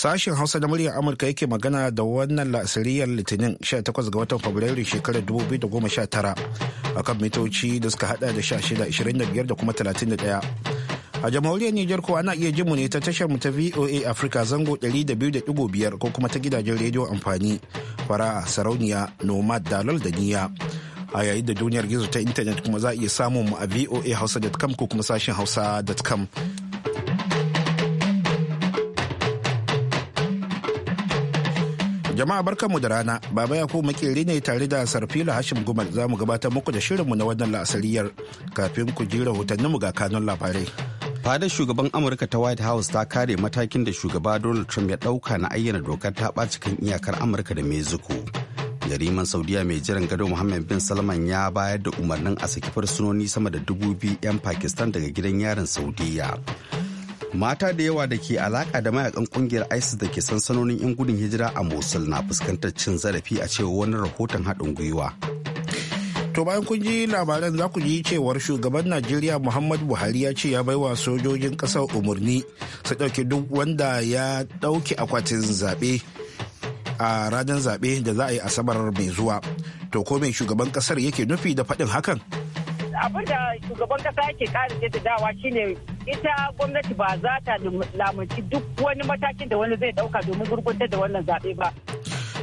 Sashen Hausa da muryar Amurka yake magana da wannan la'asiriyar Litinin 18 ga watan Fabrairu shekarar 2019 akan mitoci da suka hada da 1625 da kuma 31. a jamhuriyar Nijar kuwa ana iya jimu ne ta tashar mu ta VOA Africa zango 200.5 ko kuma ta gidajen rediyo amfani fara'a sarauniya nomad dalal da niya a yayin da duniyar gizo ta intanet kuma za a iya samun mu a VOA hausa.com ko kuma sashen hausa.com Jama'a barkanmu da rana, Baba Yakubu makeri ne tare da Sarfila Hashim Gumal za mu gabatar muku da shirinmu na wannan la'asariyar kafin ku ji rahotanninmu ga kanun labarai. Fadar shugaban Amurka ta White House ta kare matakin da shugaba Donald Trump ya dauka na ayyana dokar ta ɓaci kan iyakar Amurka da Mexico. jariman Saudiya mai jiran gado Muhammad bin Salman ya bayar da umarnin a saki fursunoni sama da dubu biyu 'yan Pakistan daga gidan yarin Saudiya. mata da yawa da ke alaka da mayakan kungiyar isis da ke sansanonin 'yan gudun hijira a mosul na fuskantar cin zarafi a cewa wani rahoton haɗin gwiwa to bayan kun ji labaran za ku ji cewar shugaban najeriya muhammadu buhari ya ce ya baiwa sojojin ƙasar umarni su ɗauki duk wanda ya ɗauki akwatin zaɓe a ranar zaɓe da za a yi asabar mai zuwa to ko mai shugaban ƙasar yake nufi da faɗin hakan abin da shugaban kasa yake karin dawa shine ita gwamnati ba za ta lamunci duk wani matakin da wani zai dauka domin gurgunta da wannan zaɓe ba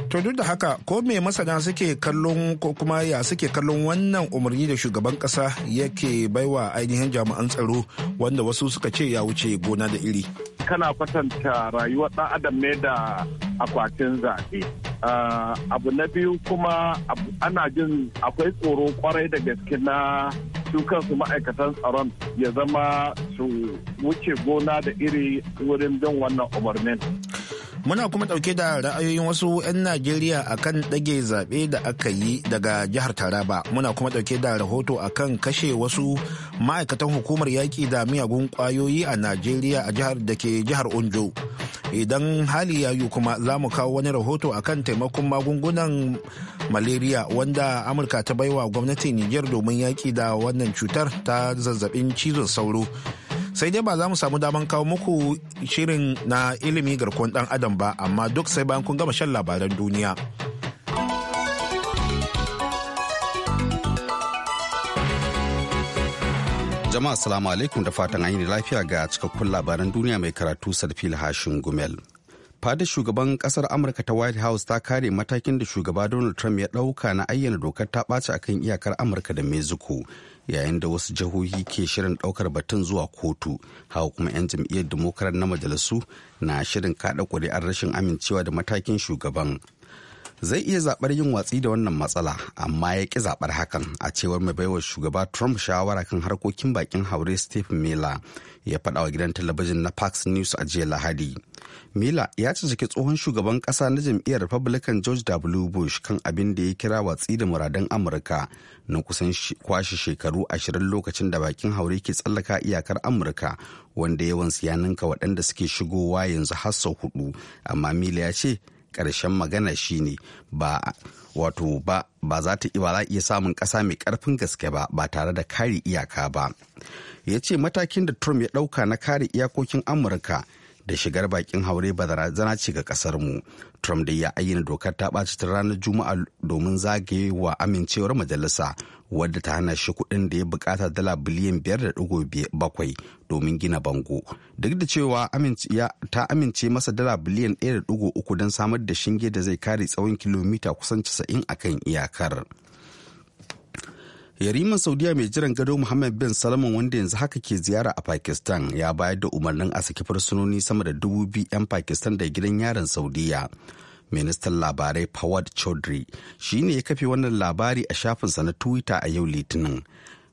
To duk da haka ko me masana suke kallon ko kuma ya suke kallon wannan umarni da shugaban kasa yake baiwa ainihin jami'an tsaro wanda wasu suka ce ya wuce gona da iri. Kana kwatanta rayuwar ɗan adam ne da akwatin zaɓe. Ah, abu na biyu kuma ana jin akwai tsoro kwarai da gaske na su ma'aikatan tsaron ya zama su wuce gona da iri wurin bin wannan umarnin. Muna kuma ɗauke da ra'ayoyin wasu 'yan Najeriya akan ɗage zaɓe da aka yi daga jihar Taraba. Muna kuma ɗauke da rahoto akan kashe wasu ma'aikatan hukumar yaƙi da miyagun ƙwayoyi a Najeriya a jihar da ke jihar Onjo. Idan hali ya yi kuma za mu kawo wani rahoto a kan taimakon magungunan malaria wanda Amurka ta baiwa gwamnatin Nijar domin yaƙi da wannan cutar ta zazzabin cizon sauro. sai dai ba za mu samu daman kawo muku shirin na ilimi garkuwan dan adam ba amma duk sai bayan kun gama shan labaran duniya jama'a salamu alaikum da fatan an yi lafiya ga cikakkun labaran duniya mai karatu salfil hashin gumel fadar shugaban kasar amurka ta white house ta kare matakin da shugaba donald trump ya dauka na ayyana dokar ta ɓaci akan iyakar amurka da mexico yayin da wasu jihohi ke shirin daukar batun zuwa kotu hawa kuma 'yan jam'iyyar democrat na majalisu na shirin kada kuri'ar rashin amincewa da matakin shugaban zai iya zaɓar yin watsi da wannan matsala amma ya ƙi zaɓar hakan a cewar mai baiwa shugaba trump shawara kan harkokin bakin haure steve miller ya faɗa wa gidan talabijin na fox news a jiya lahadi miller ya ci jiki tsohon shugaban ƙasa na jam'iyyar republican george w bush kan abin da ya kira watsi da muradan amurka na kusan kwashe shekaru ashirin lokacin da bakin haure ke tsallaka iyakar amurka wanda yawan ninka waɗanda suke shigowa yanzu har sau hudu amma miller ya ce ƙarshen magana shine ba wato ba ba za ta za iya samun ƙasa mai ƙarfin gaske ba ba tare da kare iyaka ba ya ce matakin da trump ya ɗauka na kare iyakokin amurka da shigar bakin haure barazana ce ga kasar mu trump da ya ayyana dokar ta ɓaci ta ranar juma'a domin zagaye wa amincewar majalisa wadda ta hana shi kuɗin da ya bukata dala biliyan biyar da ɗigo bakwai domin gina bango duk da cewa ta amince masa dala biliyan ɗaya da ɗigo uku don samar da shinge da zai kare tsawon kilomita kusan 90 a kan iyakar. yariman saudiya mai jiran gado muhammad bin salman wanda yanzu haka ke ziyara a pakistan ya bayar da umarnin a saki fursunoni sama da dubu biyu 'yan pakistan da gidan yaron saudiya ministan labarai fawad chaudhry shine ya kafe wannan labari a shafinsa na twitter a yau litinin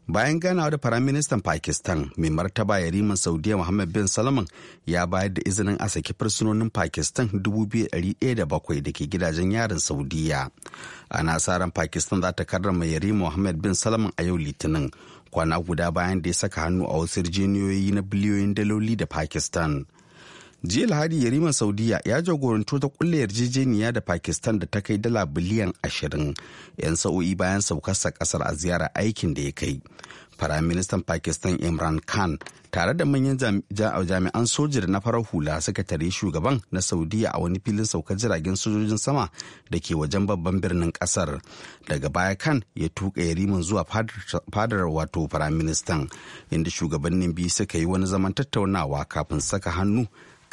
bayan ganawa da firaministan pakistan mai martaba yariman saudiya muhammad bin salman ya bayar da izinin a saki fursunonin pakistan 2007, da ke gidajen yarin saudiya a nasarar pakistan za ta karrama yarima muhammad bin salman a yau litinin kwana guda bayan da ya saka hannu a wasu jiniyoyi na biliyoyin daloli da pakistan jiya lahadi yariman saudiya ya jagoranto ta kulle yarjejeniya da pakistan da ta kai dala biliyan ashirin yan sa'o'i bayan saukarsa kasar a ziyarar aikin da ya kai firaministan pakistan imran khan tare da manyan jami'an soja da na farar hula suka tare shugaban na saudiya a wani filin saukar jiragen sojojin sama da ke wajen babban birnin kasar daga baya khan ya tuka yariman zuwa fadar wato firaministan inda shugabannin biyu suka yi wani zaman tattaunawa kafin saka hannu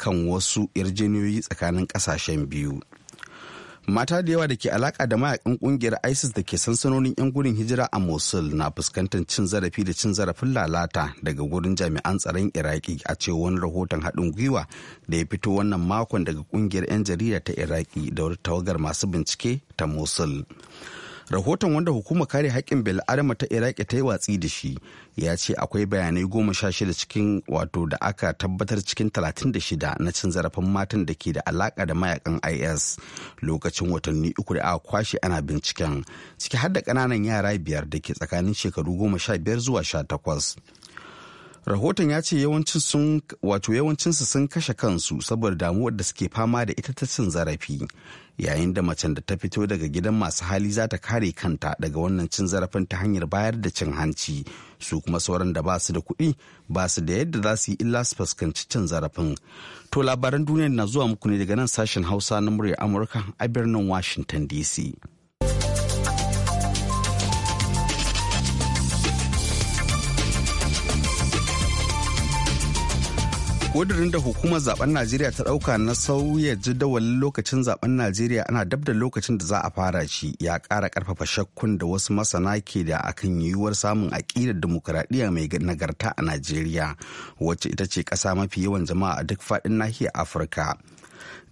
kan wasu yarjejeniyoyi tsakanin ƙasashen biyu. mata da yawa da ke alaka da mayakan kungiyar isis da ke sansanonin 'yan gudun hijira a mosul na fuskantar cin zarafi da cin zarafin lalata daga gurin jami'an tsaron iraki a ce wani rahoton haɗin gwiwa da ya fito wannan makon daga kungiyar 'yan jarida ta iraki da wata tawagar masu bincike ta mosul rahoton wanda hukumar kare haƙƙin bil'adama ta iraki ta yi watsi da shi ya ce akwai bayanai goma sha shida cikin wato da aka tabbatar cikin talatin da shida na cin zarafin matan da ke da alaƙa da mayakan is lokacin watanni uku da aka kwashe ana binciken ciki har da ƙananan yara biyar da ke tsakanin shekaru goma sha biyar zuwa sha takwas rahoton ya ce yawancinsu sun kashe kansu saboda damuwar da suke fama da ita ta cin zarafi yayin da macen da ta fito daga gidan masu hali za ta kare kanta daga wannan cin zarafin ta hanyar bayar da cin hanci su kuma sauran da ba su da kuɗi ba su da yadda za su yi illa su fuskanci cin zarafin to labaran duniya na zuwa muku ne daga nan sashen hausa na murya amurka a birnin washington dc kudurin da hukumar zaben najeriya ta ɗauka na sauya jadawalin lokacin zaben najeriya ana dab da lokacin da za a fara shi ya ƙara ƙarfafa shakkun da wasu masana ke da akan yiwuwar samun aƙidar dimokuraɗiyya mai nagarta a najeriya wacce ita ce ƙasa mafi yawan jama'a a duk faɗin nahiyar afirka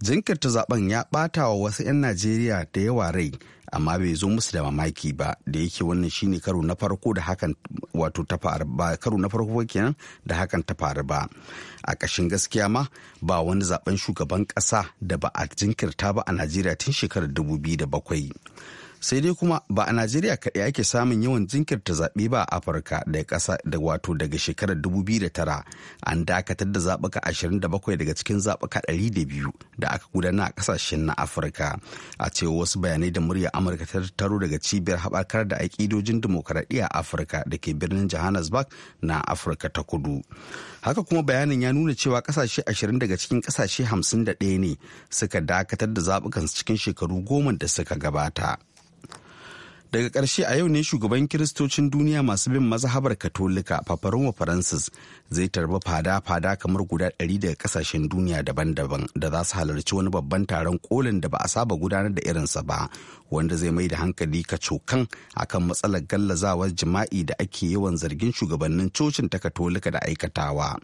jinkirta zaben ya ɓata wa wasu 'yan najeriya da yawa rai amma bai zo musu da mamaki ba da yake wannan shine karo na farko da hakan wato ta faru ba karo na farko kenan da hakan ta faru ba a ƙashin gaskiya ma ba wani zaben shugaban ƙasa da ba a jinkirta ba a najeriya tun shekarar 2007 sai dai kuma ba a najeriya kaɗai ake samun yawan jinkirta zaɓe ba a afirka da ƙasa da wato daga shekarar 2009 an dakatar da zaɓuka 27 daga cikin zaɓuka 200 da aka gudana a ƙasashen na afirka a cewa wasu bayanai da murya amurka ta tattaro daga cibiyar haɓakar da aƙidojin dimokuraɗiyya a afirka da ke birnin johannesburg na afirka ta kudu haka kuma bayanin ya nuna cewa ƙasashe 20 daga cikin ƙasashe 51 ne suka dakatar da zaɓukansu cikin shekaru goma da suka gabata. daga ƙarshe a yau ne shugaban kiristocin duniya masu bin mazhabar katolika paparoma faransis zai tarba fada-fada kamar guda ɗari daga ƙasashen duniya daban-daban da za su halarci wani babban taron kolin da ba a saba gudanar da irinsa ba wanda zai mai da hankali a kan matsalar gallazawar jima'i da ake yawan zargin shugabannin cocin ta katolika da aikatawa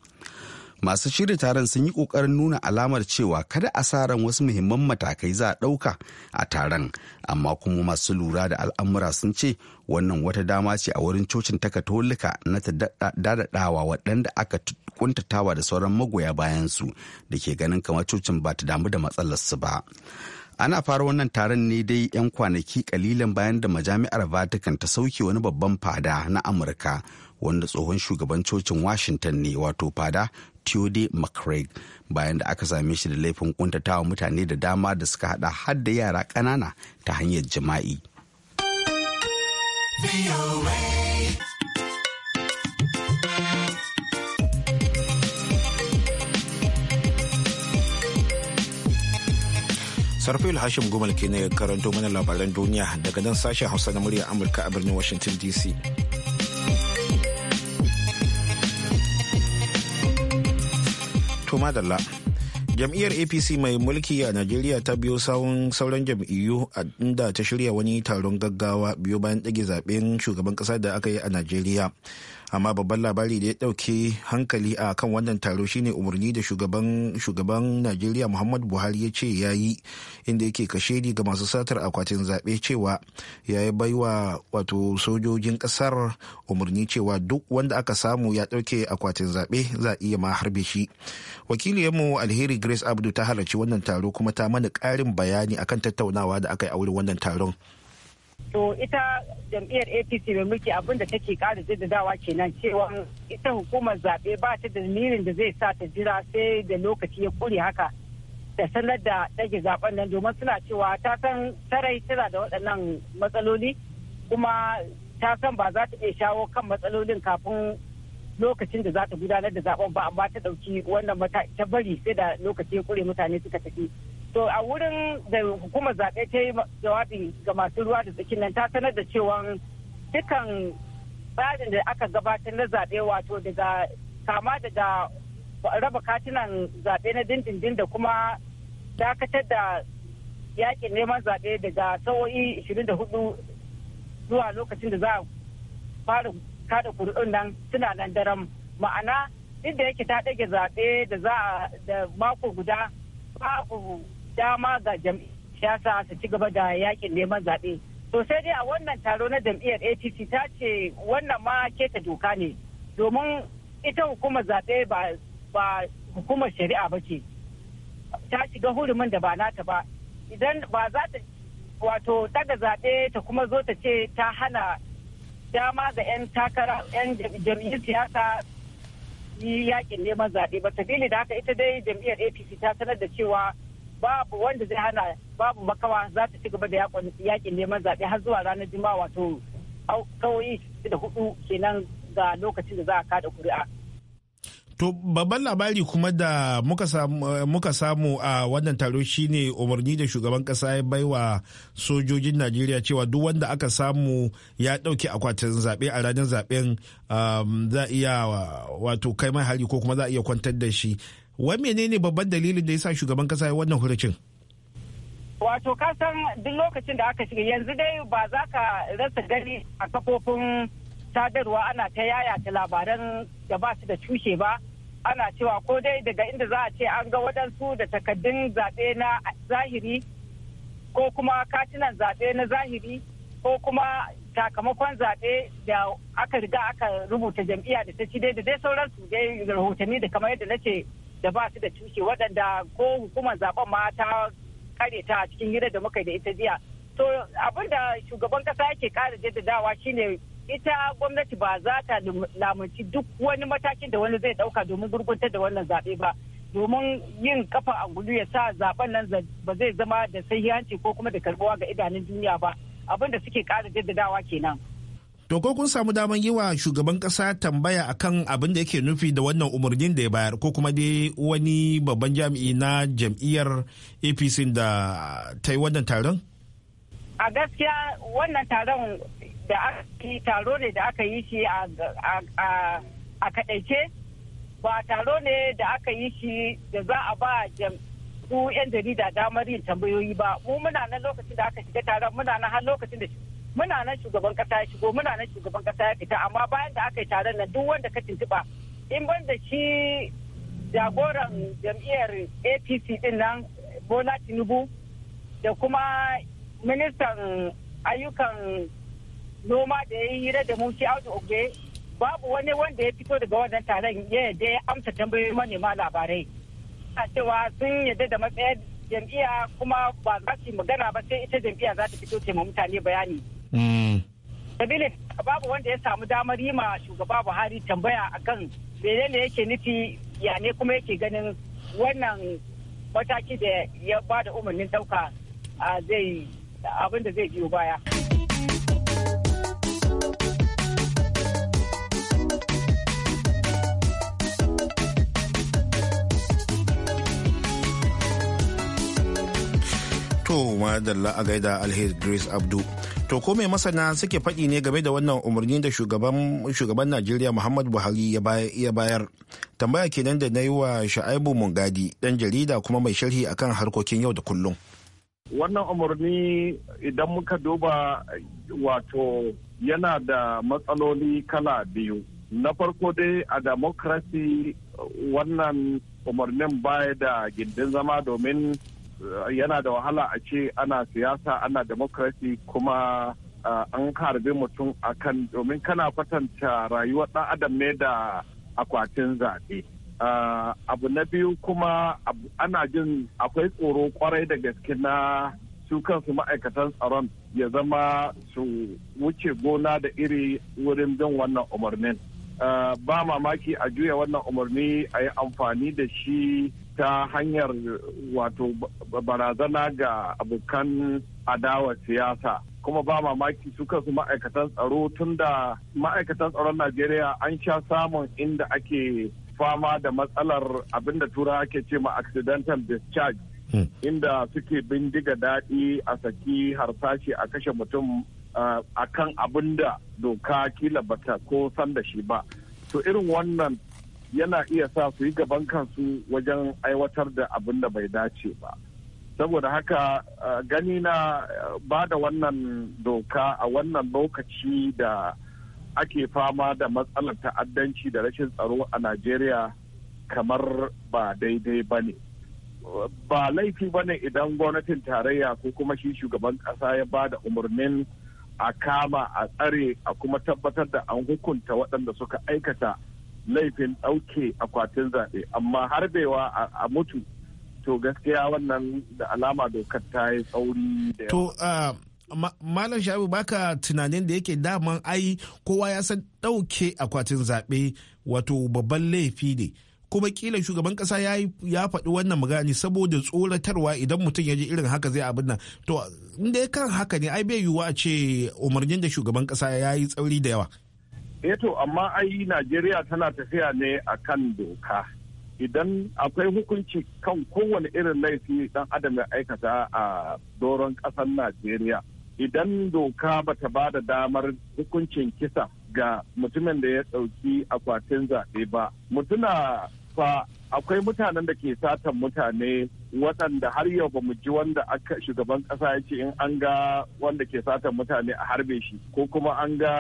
masu shirya taron sun yi kokarin nuna alamar cewa kada asaran wasu muhimman matakai za a ɗauka a taron amma kuma masu lura da al'amura sun ce wannan wata dama ce a wurin cocin takatolika na ta dadadawa waɗanda aka kuntatawa da sauran magoya bayansu da ke ganin kamar cocin ba ta damu da matsalarsu ba ana fara wannan taron ne dai 'yan kwanaki kalilan bayan da majami'ar vatican ta sauke wani babban fada na amurka wanda tsohon shugaban cocin washington ne wato fada Tude mccraig bayan da aka same shi da laifin kuntatawa mutane da dama da suka hada har da yara kanana ta hanyar jima'i. sarfil hashim gumal ke ne karanto mana labaran duniya daga nan sashen hausa na murya amurka a birnin washington dc To madalla. jam'iyyar apc mai mulki a najeriya ta biyo sawun sauran jam'iyyu a inda ta shirya wani taron gaggawa biyo bayan ɗage zaben shugaban ƙasa da aka yi a najeriya amma babban labari da ya ɗauke hankali a kan wannan taro shine umarni da shugaban najeriya muhammadu buhari ya ce ya yi inda yake kashedi ga masu satar akwatin zabe cewa ya yi baiwa wato sojojin ƙasar umarni cewa duk wanda aka samu ya ɗauke akwatin zaɓe za a iya ma harbe shi wakiliyarmu alheri grace abdu ta halarci wannan taro kuma ta mana ƙarin bayani akan tattaunawa da aka yi a wurin wannan taron to ita jam'iyyar apc mai mulki abin da take kara jaddadawa kenan cewa ita hukumar zaɓe ba ta da nirin da zai sa ta jira sai da lokaci ya kure haka da sanar da ɗage zaɓen nan domin suna cewa ta san sarai tana da waɗannan matsaloli kuma ta san ba za ta iya shawo kan matsalolin kafin lokacin da za ta gudanar da zaɓen ba amma ta ɗauki wannan mata ta bari sai da lokaci ya kure mutane suka tafi to a wurin da hukumar zaɓe ta yi jawabi ga masu ruwa da tsakin nan ta sanar da cewa dukkan tsarin da aka gabatar na zaɓe wato daga kama daga raba katinan zaɓe na dindindin da kuma dakatar da yakin neman zaɓe daga sawo'i 24 zuwa lokacin da za a fara kada kuri'un nan suna nan daram ma'ana inda yake ta ɗage zaɓe da za a da mako guda babu dama ga jam'iyyar siyasa su ci gaba da yakin neman zaɓe. To sai dai a wannan taro na jam'iyyar A.T.C ta ce wannan ma keta doka ne domin ita hukumar zaɓe ba hukumar shari'a ba ce. Ta shiga hurumin da ba nata ba. Idan ba za ta wato daga zaɓe ta kuma zo ta ce ta hana dama ga 'yan takara 'yan jam'iyyar siyasa yi yakin neman zaɓe ba. Sabili da haka ita dai jam'iyyar APC ta sanar da cewa babu wanda zai hana babu makawa za ta ci gaba da yakin neman zaɓe har zuwa ranar juma'a wato kawai da hudu kenan ga lokacin da za a kada kuri'a. To babban labari kuma da muka samu, a wannan taro shine umarni da shugaban kasa ya baiwa sojojin Najeriya cewa duk wanda aka samu ya ɗauki akwatin zaɓe a ranar zaɓen um, za iya wato kai mai hari ko kuma za a iya kwantar da shi. wai menene babban dalilin da ya sa shugaban kasa ya wannan hurucin wato ka san duk lokacin da aka shiga yanzu dai ba za ka rasa gani a kafofin sadarwa ana ta yaya ta labaran da ba su da cushe ba ana cewa ko dai daga inda za a ce an ga wadansu da takaddun zaɓe na zahiri ko kuma katinan zaɓe na zahiri ko kuma sakamakon zaɓe da aka riga aka rubuta jam'iyya da ta ci dai da dai sauransu dai rahotanni da kamar yadda na ce da ba su da tushe waɗanda ko hukumar zaben ma ta kare ta cikin gidan da muka da ita jiya to abin da shugaban kasa yake kara jaddadawa shine ita gwamnati ba za ta lamunci duk wani matakin da wani zai ɗauka domin gurguntar da wannan zaɓe ba domin yin kafa a gudu ya sa zaben nan ba zai zama da sahihanci ko kuma da karbuwa ga idanun duniya ba abin da suke kara jaddadawa kenan. To ko kun samu daman yi wa shugaban kasa tambaya akan abin da yake nufi da wannan umarnin da ya bayar ko kuma dai wani babban jami'i na jam'iyyar APC da ta yi wannan taron? A gaskiya wannan taron da aka yi taro ne da aka yi shi a kaɗaice ba taro ne da aka yi shi da za a ba su 'yan jarida damar yin tambayoyi ba mu muna nan lokacin da aka shiga taron muna nan har lokacin da muna nan shugaban kasa ya shigo muna nan shugaban kasa ya fita amma bayan da aka yi taron nan duk wanda ka tuntuɓa in ban da shi jagoran jam'iyyar apc din nan bola tinubu da kuma ministan ayyukan noma da ya yi hira da mun shi audu ogbe babu wani wanda ya fito daga wannan taron ya yadda ya amsa tambayoyi manema labarai a cewa sun yadda da matsayar jam'iyya kuma ba za su magana ba sai ita jam'iyya za ta fito ce mutane bayani Mm. sabili babu wanda ya samu damar yi ma shugaba buhari tambaya akan menene yake nufi ya ne kuma yake ganin wannan mataki da ya ba da umarnin dauka zai abin zai biyo baya To, madalla a gaida Alhaji Grace Abdu. To ko mai masana suke faɗi ne game da wannan umarni da shugaban Najeriya Muhammadu Buhari ya bayar. Tambaya kenan da na yi wa Sha'aibu Mungadi ɗan jarida kuma mai sharhi akan harkokin yau da kullum. Wannan umarni idan muka duba wato yana da matsaloli kala biyu. Na farko dai a demokrasi wannan umarnin baya da gindin zama domin yana da wahala a ce ana siyasa ana demokrasi kuma an harbe mutum akan domin kana kwatanta rayuwar ɗan adam ne da akwatin zaɓe. abu na biyu kuma ana jin akwai tsoro kwarai da gaske na su ma'aikatan tsaron ya zama su wuce gona da iri wurin bin wannan umarnin ba mamaki a juya wannan umarni a yi amfani da shi ta hanyar wato barazana ga abokan adawa siyasa kuma ba mamaki su kansu ma'aikatan tsaro tun da ma'aikatan tsaron najeriya an sha samun inda ake fama da matsalar abinda tura ke ce ma accidental discharge hmm. inda suke bindiga daɗi a saki harsashi a kashe mutum a kan abinda doka kila bata ko san da shi ba to irin wannan yana iya sa su yi gaban kansu wajen aiwatar da abin da bai dace ba saboda haka uh, gani na uh, ba da wannan doka a wannan lokaci da ake fama da matsalar ta'addanci da rashin tsaro a najeriya kamar ba daidai ba ne ba laifi ba ne idan gwamnatin tarayya ko kuma shi shugaban kasa ya ba da umarnin a kama a tsare a kuma tabbatar da an hukunta waɗanda suka aikata laifin ɗauke akwatin zaɓe amma harbewa a mutu to gaskiya wannan da alama dokar ta yi tsauri da to ah, malam shabu baka tunanin da yake daman ai kowa ya san ɗauke akwatin zaɓe wato babban laifi ne kuma kila shugaban kasa ya faɗi wannan magani saboda tsoratarwa idan mutum ya ji irin haka zai abin nan to inda kan haka ne ai bai yiwuwa a ce umarnin da shugaban kasa ya yi tsauri da yawa Eh to amma ai najeriya tana tafiya ne a kan doka idan akwai hukunci kan kowane irin laifi dan adam ya aikata a doron ƙasar najeriya idan doka bata ba da damar hukuncin kisa ga mutumin da ya ɗauki akwatin zaɓe ba mutuna fa akwai mutanen da ke satan mutane waɗanda har yau ba mu ji wanda aka shugaban ƙasa ya ce in an ga wanda ke satan mutane a harbe shi ko kuma an ga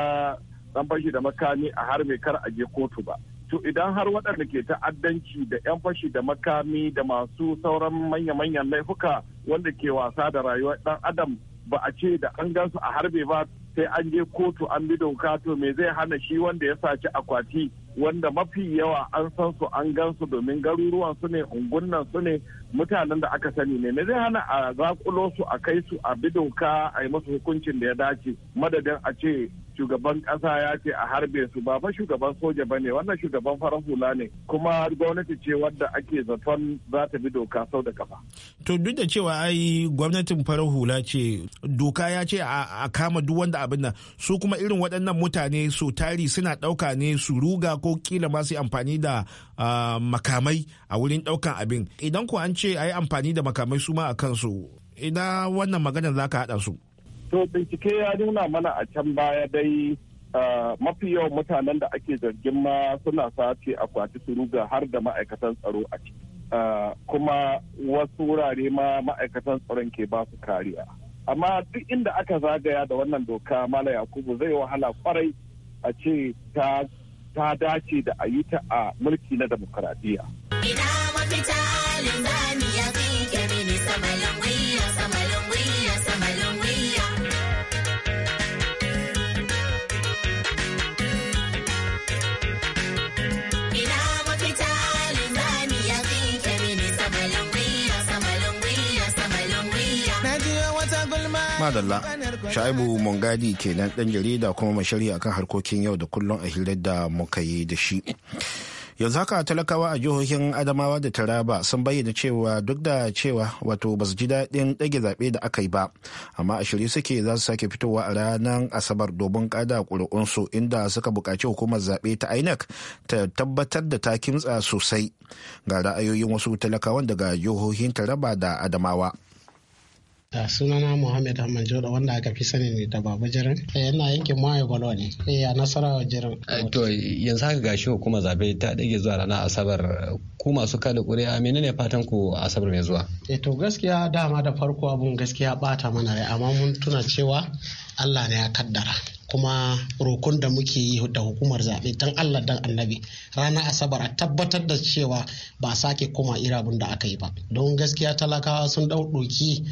dan fashi da makami a harbe kar a je kotu ba to idan har waɗanda ke ta'addanci da 'yan fashi da makami da masu sauran manya-manyan laifuka wanda ke wasa da rayuwar ɗan adam ba a ce da an gansu a harbe ba sai an je kotu an bi doka to me zai hana shi wanda ya saci akwati wanda mafi yawa an san su an gansu domin garuruwan su ne ungunnan su ne mutanen da aka sani ne me zai hana a zakulo su a kai su a bi doka a yi musu hukuncin da ya dace madadin a ce shugaban kasa ya ce a harbe su ba fa shugaban soja ba ne wannan shugaban farar hula ne kuma gwamnati ce wadda ake zaton za ta bi doka sau da kafa. To duk da cewa ai gwamnatin farar hula ce doka ya ce a kama duk wanda abin nan su kuma irin waɗannan mutane su tari suna ɗauka ne su ruga ko kila ma su amfani da makamai a wurin ɗaukan abin idan ku an ce a yi amfani da makamai su ma a kansu ina wannan maganar za ka haɗa su. to bincike ya nuna mana a can baya dai mafi yawan mutanen da ake zargin ma suna sace akwati su ruga har da ma'aikatan tsaro a ciki kuma wasu wurare ma ma'aikatan tsaron ke ba su kariya amma duk inda aka zagaya da wannan doka mala yakubu zai wahala kwarai a ce ta dace da a ta a mulki na demokradiyya. Ina mafita limani. madalla sha'ibu mongadi kenan dan jarida kuma mashari akan harkokin yau da kullum a hirar da muka yi da shi yanzu haka talakawa a jihohin adamawa da taraba sun bayyana cewa duk da cewa wato ba su ji daɗin ɗage zaɓe da aka yi ba amma a shirye suke za su sake fitowa a ranar asabar domin ƙada ƙuri'unsu inda suka buƙaci hukumar zaɓe ta inec ta tabbatar da ta kimtsa sosai ga ra'ayoyin wasu talakawan daga jihohin taraba da adamawa Da sunana Muhammad Ahmad Joda wanda aka fi sani da Baba Jiran. Yana eh, yankin Mayo Balo ne. Eh a Nasarawa jirin. Eh, to yanzu haka gashi hukumar zabe ta dage zuwa ranar Asabar ku masu kada ƙuri'a menene fatan ku Asabar mai zuwa? Eh to gaskiya dama da farko abun gaskiya bata mana rai amma mun tuna cewa Allah ne ya kaddara. kuma rokon da muke yi da hukumar zaɓe don Allah dan annabi ranar asabar a tabbatar da cewa ba sake koma irabun da aka yi ba don gaskiya talakawa sun doki.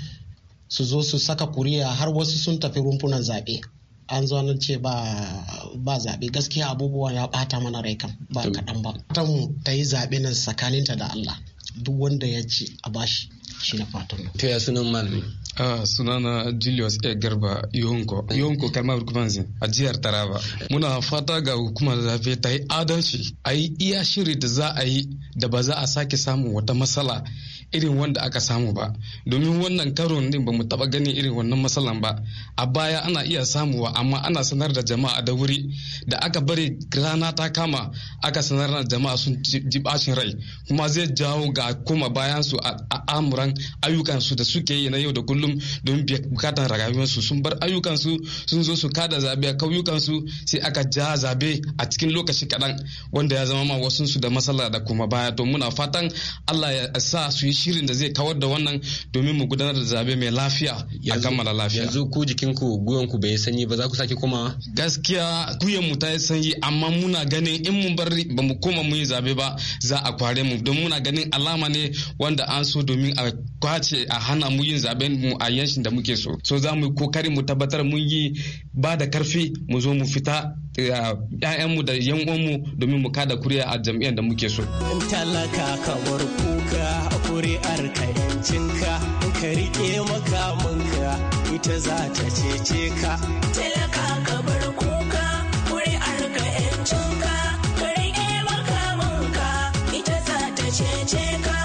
su zo su saka kuriya har wasu sun tafi rumfunan zaɓe an zo nan ce ba zaɓe gaskiya abubuwa ya ɓata mana rai kan ba kaɗan ba ta mu ta yi zaɓe nan tsakaninta da Allah duk wanda ya ce a bashi shi na fatan Ta ya sunan malami Ah, sunana Julius A. Garba Yonko. Yonko kalmar rukumanzi a jihar Taraba. Muna fata ga hukumar zafi ta yi adalci, a yi iya shiri da za a yi da ba za a sake samun wata matsala irin wanda aka samu ba domin wannan karo ne ba mu taba ganin irin wannan matsalan ba a baya ana iya samuwa amma ana sanar da jama'a da wuri da aka bari rana ta kama aka sanar da jama'a sun ji bacin rai kuma zai jawo ga koma bayan su a amuran ayyukan su da suke yi na yau da kullum don bukatan rayuwar su sun bar ayyukan su sun zo su kada zabe a kauyukan su sai aka ja zabe a cikin lokaci kaɗan wanda ya zama ma wasu su da matsala da kuma baya to muna fatan Allah ya sa su yi shirin da zai kawar da wannan domin mu gudanar da zabe mai lafiya a kammala lafiya yanzu ku jikinku ku ku bai sanyi ba za ku sake komawa gaskiya guyon mu ta yi sanyi amma muna ganin in mun bar ba mu koma mu yi zabe ba za a kware mu don muna ganin alama ne wanda an so domin a kwace a hana mu yin zaben mu a yanshin da muke so so za mu yi kokari mu tabbatar mun yi ba da karfi mu zo mu fita eh, mu da yan'uwanmu domin mu kada kuriya a jam'iyyar da muke so. Talaka kamar kuka kuri'ar ka yancinka in ka riƙe makamanka ita za ta cece ka talaka ka bar kuka kuri'ar ka yancinka ka riƙe makamanka ita za ta cece ka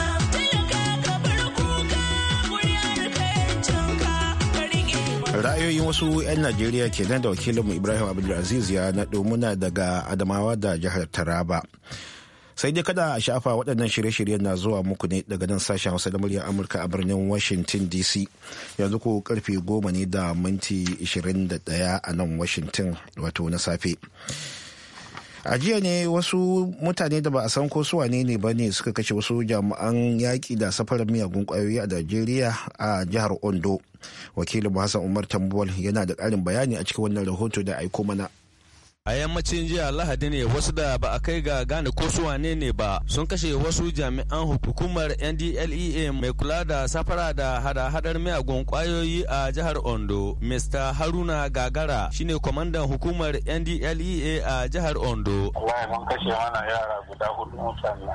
ra'ayoyin wasu 'yan najeriya kenan da wakilinmu ibrahim abdulaziz ya naɗo muna daga adamawa da jihar taraba sai dai kada a shafa waɗannan shirye-shiryen na zuwa muku ne daga nan sashen hausa da muryar amurka a birnin washington dc yanzu ko karfe goma ne da minti 21 a nan washington wato na safe a jiya ne wasu mutane da ba a san ko suwa wane ne ba ne suka kashe wasu jami'an yaƙi da safarar miyagun ƙwayoyi a najeriya a jihar ondo wakilin hassan umar tambuwal yana da ƙarin bayani a cikin wannan rahoto da aiko mana a yammacin jiya lahadi ne wasu da ba a kai ga gane ko su wane ne ba sun kashe wasu jami'an hukumar ndlea mai kula da safara da hada-hadar miyagun kwayoyi a jihar ondo mr haruna gagara shine kwamandan hukumar ndlea a jihar ondo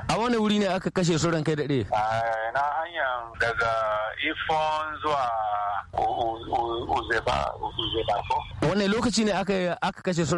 a wani wuri ne aka kashe su kai daɗe na hanyar daga ifon zuwa uzeba lokaci ne aka kashe su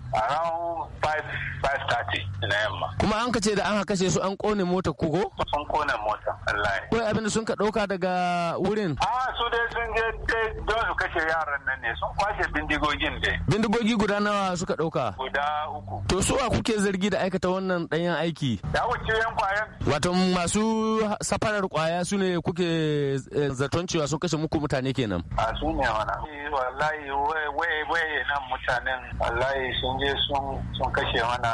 around 5 5:30 na yamma kuma an kace da an kashe su an kone mota kugo sun kone mota Allah. ko abin da sun ka dauka daga wurin Ah su dai sun je don su kashe yaran nan ne sun kwashe bindigogin dai bindigogi guda nawa suka dauka guda uku to su a kuke zargi da aikata wannan ɗanyen aiki Ya wuce yan kwayan wato masu safarar kwaya su ne kuke eh, zaton cewa sun kashe muku mutane kenan a ah, su ne wana eh, wallahi waye waye nan mutanen wallahi sun je sun kashe mana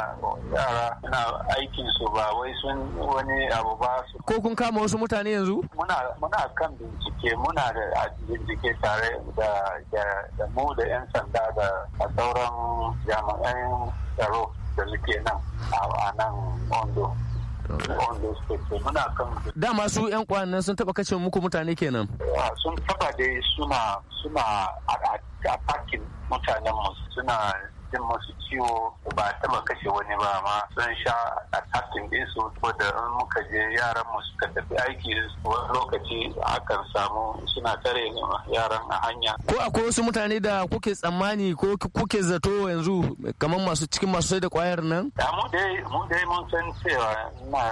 yara Na aikin su ba wai sun wani abu ba su. Ko kun kama wasu mutane yanzu? Muna kan bincike muna da bincike tare da mu da 'yan sanda da sauran jami'an tsaro da muke nan a nan Ondo. Dama su 'yan kwanan sun taba kashe muku mutane kenan? Sun taba dai suna suna a mutanen mu suna din masu ciwo ba taba kashe wani ba ma sun sha a tafin ɗinsu da in muka je yaran mu suka tafi aiki wani lokaci akan samu suna tare yaran a hanya. Ko akwai wasu mutane da kuke tsammani ko kuke zato yanzu kamar masu cikin masu sai da kwayar nan? Mu dai mun dai mun san cewa na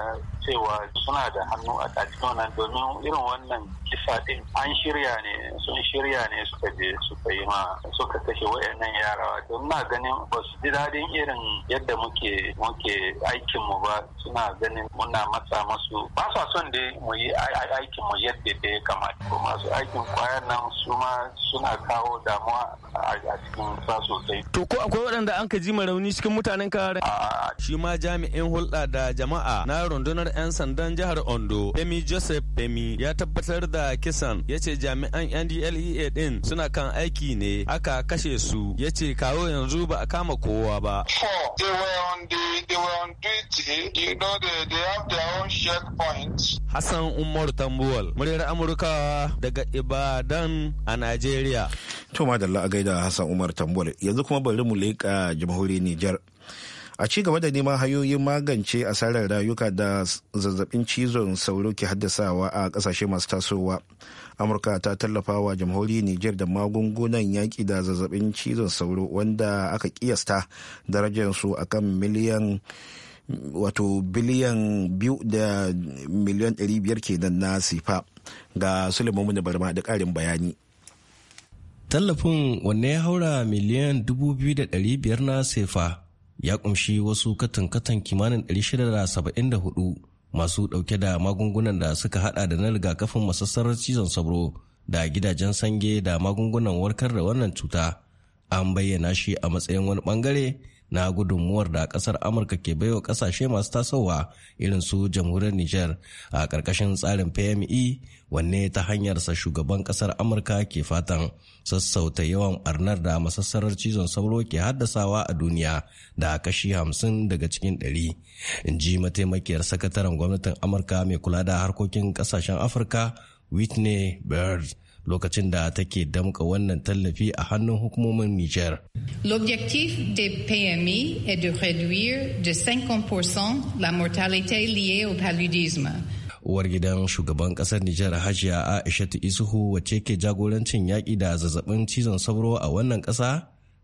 cewa suna da hannu a cikin wannan domin irin wannan kisa din an shirya ne sun shirya ne suka je suka yi ma suka kashe wayannan yara na ganin ganin ba su ji daɗin irin yadda muke muke aikin mu ba suna ganin muna matsa masu ba sa son da mu yi aikin mu yadda da ya kamata ko masu aikin kwayar nan su ma suna kawo damuwa a cikin sa sosai to ko akwai waɗanda an ka ji rauni cikin mutanen ka shi ma jami'in hulɗa da jama'a na rundunar 'yan sandan jihar Ondo emi Joseph emi ya tabbatar da kisan ya ce jami'an NDLEA din suna kan aiki ne aka kashe su ya ce kawo yanzu ba ba a kama kowa ba. Hassan Umar Tambuwal, muryar Amurka daga Ibadan a Najeriya. Tuma da a gaida Hassan Umar Tambuwal, yanzu kuma bari mu leƙa jamhuriyar Nijar. a ci gaba da neman hanyoyin magance asarar rayuka da zazzabin cizon sauro ke haddasawa a kasashe masu tasowa amurka ta tallafa wa jamhuriyar niger da magungunan yaƙi da zazzabin cizon sauro wanda aka kiyasta darajarsu akan miliyan wato biliyan biyu da miliyan ɗari biyar kenan na sifa ga da barma da ƙarin bayani tallafin wanne ya haura miliyan dubu na sifa ya kumshi wasu katan-katan kimanin 674 masu dauke da magungunan da suka hada da na rigakafin masassarar cizon sauro da gidajen sange da magungunan warkar da wannan cuta an bayyana shi a matsayin wani bangare na gudunmuwar da kasar amurka ke baiwa kasashe masu tasowa irin su jamhuriyar niger a ƙarƙashin tsarin pme wanne ta hanyarsa shugaban kasar amurka ke fatan sassauta yawan barnar da masassarar cizon sauro ke haddasawa a duniya da kashi hamsin daga cikin ɗari in ji mataimakiyar sakataren gwamnatin amurka mai kula da harkokin kasashen afirka whitney bird lokacin da take damka wannan tallafi a hannun hukumomin Nijar. L'objectif de PMI est de réduire de 50% la mortalité liée au paludisme. uwar gidan shugaban kasar Nijar Hajiya Aishatu Isuhu wacce ke jagorancin yaƙi da zazzabin cizon sauro a wannan ƙasa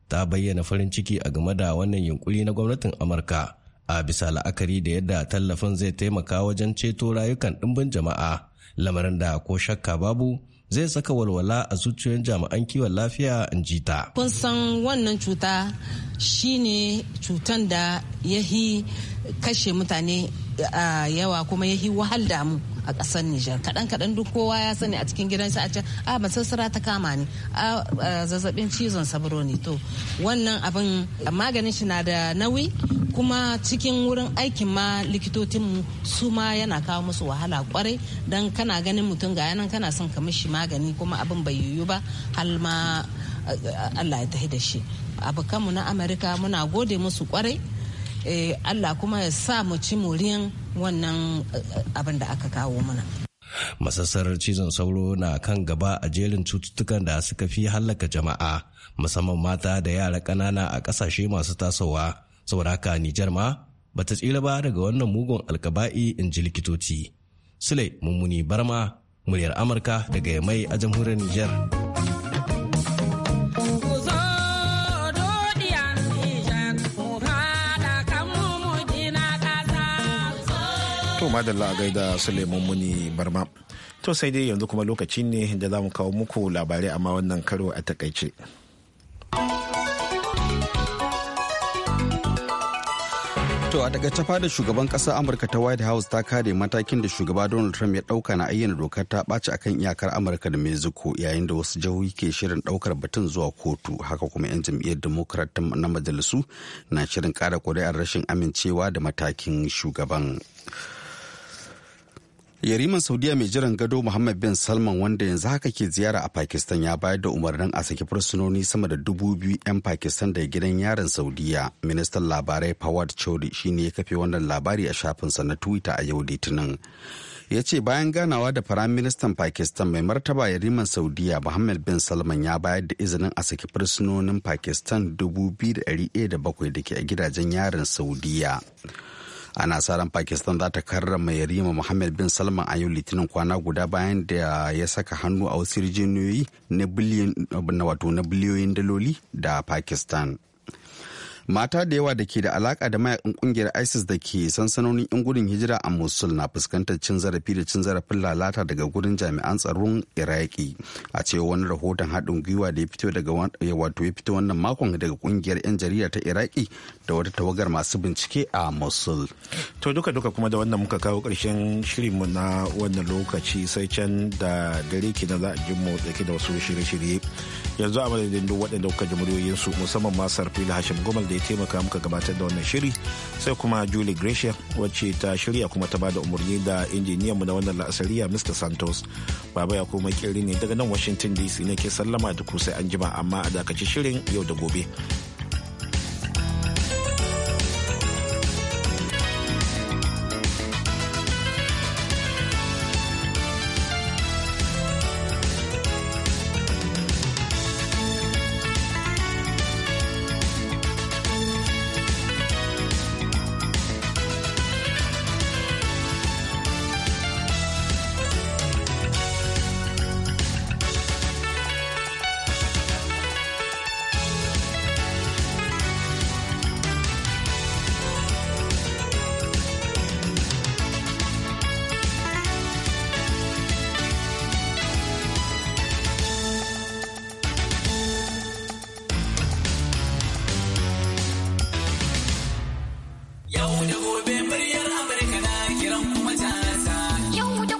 ta bayyana farin ciki a game da wannan yunkuri na gwamnatin Amurka a bisa la'akari da yadda tallafin zai taimaka wajen ceto rayukan ɗimbin jama'a lamarin da ko shakka babu zai saka walwala a zuciyoyin jami'an kiwon lafiya in ji ta. Kun san wannan cuta shine cutan da yahi kashe mutane a yawa kuma ya wahal wahalda mu. a ƙasar Nijar. Kaɗan kaɗan duk kowa ya sani a cikin gidansa a can ah, a masassara ta kama ne ah, a zazzabin cizon sabro ne to wannan abin maganin shi na da nauyi kuma cikin wurin aikin ma likitocin su ma yana kawo musu wahala kwarai don kana ganin mutum ga yanan kana son ka mishi magani kuma abin bai yiwu ba hal ma eh, allah ya tahi da shi abokanmu na amurka muna gode musu kwarai eh, allah kuma ya sa mu ci moriyan wannan eh, abin da aka kawo mana masassarar cizon sauro na kan gaba a jerin cututtukan da suka fi hallaka jama'a musamman mata da yara ƙanana a ƙasashe masu tasowa saboda haka nijar ma bata tsira ba daga wannan mugun alkaba'i in ji likitoci sule mummuni barma muryar amurka daga mai a jamhuriyar nijar to madalla a gaida suleiman muni barma to sai dai yanzu kuma lokaci ne da za mu kawo muku labarai amma wannan karo a takaice. To a daga da shugaban kasa Amurka ta White House ta kare matakin da shugaba Donald Trump ya dauka na ayyana dokar ta ɓaci akan iyakar Amurka da Mexico yayin da wasu jihohi ke shirin daukar batun zuwa kotu haka kuma 'yan jam'iyyar Democrat na majalisu na shirin kara ƙuri'ar rashin amincewa da matakin shugaban. yariman saudiya mai jiran gado muhammad bin salman wanda yanzu haka ke ziyara a pakistan ya bayar da umarnin a saki fursunoni sama da dubu biyu 'yan pakistan daga gidan yaron saudiya ministan labarai fawad chaudhry shine ya kafe wannan labari a shafinsa na twitter a yau litinin ya ce bayan ganawa da firaministan pakistan mai martaba yariman saudiya muhammad bin salman ya bayar da izinin a saki fursunonin pakistan biyu da ke a gidajen yaron saudiya ana sa pakistan za ta karrama yarima muhammad bin salman a yau litinin kwana guda bayan da ya saka hannu a wasu rijiyoyi na biliyoyin daloli da pakistan mata da yawa da ke da alaka da mayakan kungiyar isis da ke sansanonin yan gudun hijira a mosul na fuskantar cin zarafi da cin zarafin lalata daga gudun jami'an tsaron iraki a cewa wani rahoton haɗin gwiwa da ya fito daga wato ya fito wannan makon daga kungiyar yan jarida ta iraki da wata tawagar masu bincike a mosul to duka duka kuma da wannan muka kawo ƙarshen shirinmu na wannan lokaci sai can da dare na za a ji mu ke da wasu shirye-shirye yanzu a madadin duk waɗanda kuka ji muryoyinsu musamman ma da hashim gomal da taimaka muka gabatar da wannan shiri sai kuma julie gresha wacce ta shirya kuma ta bada umarni da injiniyan mu na wannan la'asariya mr santos baba ya kuma kiri ne daga nan washington dc ne ke sallama da ku sai an jima amma a dakaci shirin yau da gobe